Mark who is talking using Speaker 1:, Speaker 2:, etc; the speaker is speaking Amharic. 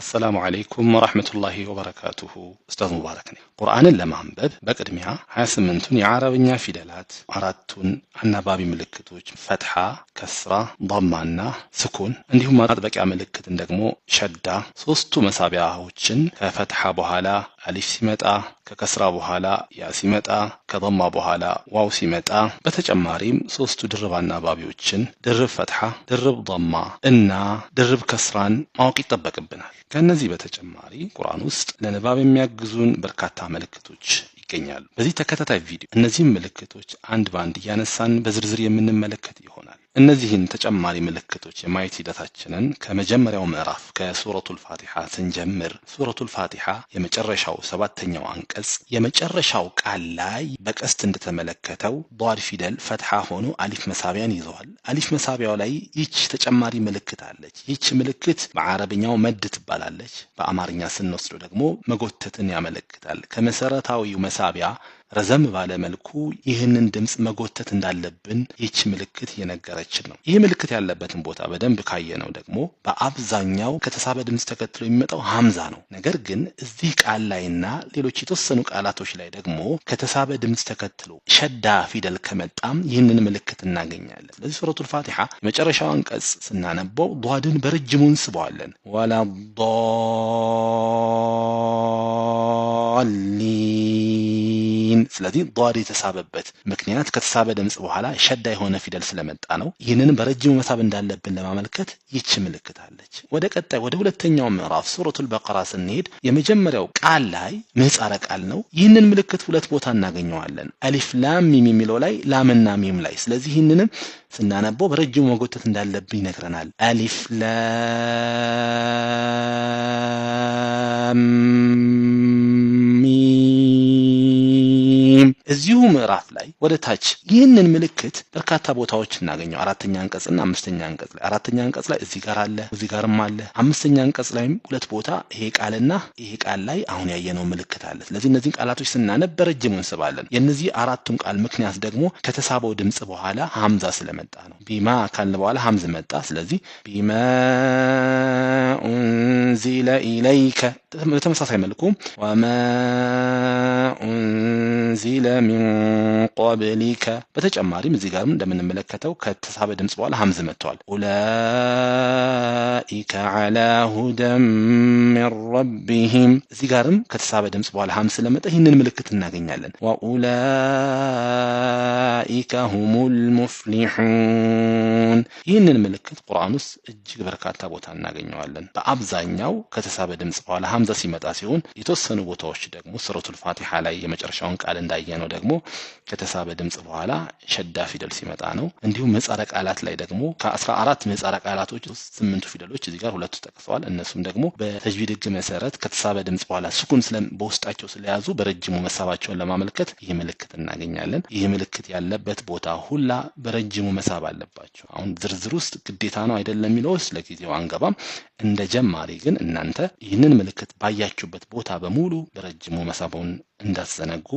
Speaker 1: አሰላሙ ዓለይኩም ወራህመቱላሂ ወበረካቱሁ። ኡስታዝ ሙባረክ ነኝ። ቁርአንን ለማንበብ በቅድሚያ 28ቱን የአረብኛ ፊደላት፣ አራቱን አናባቢ ምልክቶች ፈትሐ፣ ከስራ፣ ዳማና ስኩን እንዲሁም ማጥበቂያ ምልክትን ደግሞ ሸዳ፣ ሶስቱ መሳቢያዎችን ከፈትሐ በኋላ አሊፍ ሲመጣ ከከስራ በኋላ ያ ሲመጣ ከበማ በኋላ ዋው ሲመጣ በተጨማሪም ሶስቱ ድርብ አናባቢዎችን ድርብ ፈትሓ ድርብ ማ እና ድርብ ከስራን ማወቅ ይጠበቅብናል። ከእነዚህ በተጨማሪ ቁርአን ውስጥ ለንባብ የሚያግዙን በርካታ ምልክቶች ይገኛሉ። በዚህ ተከታታይ ቪዲዮ እነዚህም ምልክቶች አንድ በአንድ እያነሳን በዝርዝር የምንመለከት ይሆናል። እነዚህን ተጨማሪ ምልክቶች የማየት ሂደታችንን ከመጀመሪያው ምዕራፍ ከሱረቱል ልፋቲሓ ስንጀምር ሱረቱ ልፋቲሓ የመጨረሻው ሰባተኛው አንቀጽ የመጨረሻው ቃል ላይ በቀስት እንደተመለከተው ዷድ ፊደል ፈትሓ ሆኖ አሊፍ መሳቢያን ይዘዋል። አሊፍ መሳቢያው ላይ ይች ተጨማሪ ምልክት አለች። ይች ምልክት በአረብኛው መድ ትባላለች። በአማርኛ ስንወስዶ ደግሞ መጎተትን ያመለክታል። ከመሰረታዊው መሳቢያ ረዘም ባለ መልኩ ይህንን ድምፅ መጎተት እንዳለብን ይች ምልክት እየነገረችን ነው። ይህ ምልክት ያለበትን ቦታ በደንብ ካየነው ደግሞ በአብዛኛው ከተሳበ ድምፅ ተከትሎ የሚመጣው ሀምዛ ነው። ነገር ግን እዚህ ቃል ላይና ሌሎች የተወሰኑ ቃላቶች ላይ ደግሞ ከተሳበ ድምፅ ተከትሎ ሸዳ ፊደል ከመጣም ይህንን ምልክት እናገኛለን። ስለዚህ ሱረቱል ፋቲሓ የመጨረሻው አንቀጽ ስናነበው ዷድን በረጅሙ እንስበዋለን። ወላ ሊን ስለዚህ ዷድ የተሳበበት ምክንያት ከተሳበ ድምፅ በኋላ ሸዳ የሆነ ፊደል ስለመጣ ነው። ይህንን በረጅሙ መሳብ እንዳለብን ለማመልከት ይች ምልክት አለች። ወደ ቀጣይ ወደ ሁለተኛው ምዕራፍ ሱረቱል በቀራ ስንሄድ የመጀመሪያው ቃል ላይ ምህፃረ ቃል ነው። ይህንን ምልክት ሁለት ቦታ እናገኘዋለን። አሊፍ ላም ሚም የሚለው ላይ ላምና ሚም ላይ። ስለዚህ ይህንንም ስናነበው በረጅሙ መጎተት እንዳለብን ይነግረናል። አሊፍ ላም ወደ ታች። ይህንን ምልክት በርካታ ቦታዎች እናገኘው። አራተኛ አንቀጽና አምስተኛ አንቀጽ ላይ አራተኛ አንቀጽ ላይ እዚህ ጋር አለ፣ እዚህ ጋርም አለ። አምስተኛ አንቀጽ ላይም ሁለት ቦታ ይሄ ቃልና ይሄ ቃል ላይ አሁን ያየነው ምልክት አለ። ስለዚህ እነዚህን ቃላቶች ስናነብ በረጅሙ እንስባለን። የእነዚህ አራቱን ቃል ምክንያት ደግሞ ከተሳበው ድምፅ በኋላ ሀምዛ ስለመጣ ነው። ቢማ ካልን በኋላ ሀምዝ መጣ። ስለዚህ ቢማ ኡንዚለ ኢለይከ በተመሳሳይ መልኩ ወማ ኡንዚለ ሚን ቀብሊከ። በተጨማሪም እዚህ ጋርም እንደምንመለከተው ከተሳበ ድምፅ በኋላ ሀምዝ መጥተዋል። ኡላኢከ ዓላ ሁደን ምን ረቢህም። እዚህ ጋርም ከተሳበ ድምፅ በኋላ ሃም ስለመጣ ይህንን ምልክት እናገኛለን። ወኡላኢከ ሁሙል ልሙፍሊሑን። ይህንን ምልክት ቁርአን ውስጥ እጅግ በርካታ ቦታ እናገኘዋለን። በአብዛኛው ከተሳበ ድምፅ በኋላ ሀምዛ ሲመጣ ሲሆን የተወሰኑ ቦታዎች ደግሞ ሱረቱል ፋቲሓ ላይ የመጨረሻውን ቃል እንዳየነው ደግሞ ከተሳበ ድምፅ በኋላ ሸዳ ፊደል ሲመጣ ነው። እንዲሁም ምህጻረ ቃላት ላይ ደግሞ ከአስራ አራት ምህጻረ ቃላቶች ስምንቱ ፊደሎች ድምጾች እዚህ ጋር ሁለቱ ጠቅሰዋል። እነሱም ደግሞ በተጅዊድ ህግ መሰረት ከተሳበ ድምጽ በኋላ ስኩን በውስጣቸው ስለያዙ በረጅሙ መሳባቸውን ለማመልከት ይህ ምልክት እናገኛለን። ይህ ምልክት ያለበት ቦታ ሁላ በረጅሙ መሳብ አለባቸው። አሁን ዝርዝር ውስጥ ግዴታ ነው አይደለም የሚለው ውስጥ ለጊዜው አንገባም። እንደ ጀማሪ ግን እናንተ ይህንን ምልክት ባያችሁበት ቦታ በሙሉ በረጅሙ መሳቡን እንዳትዘነጉ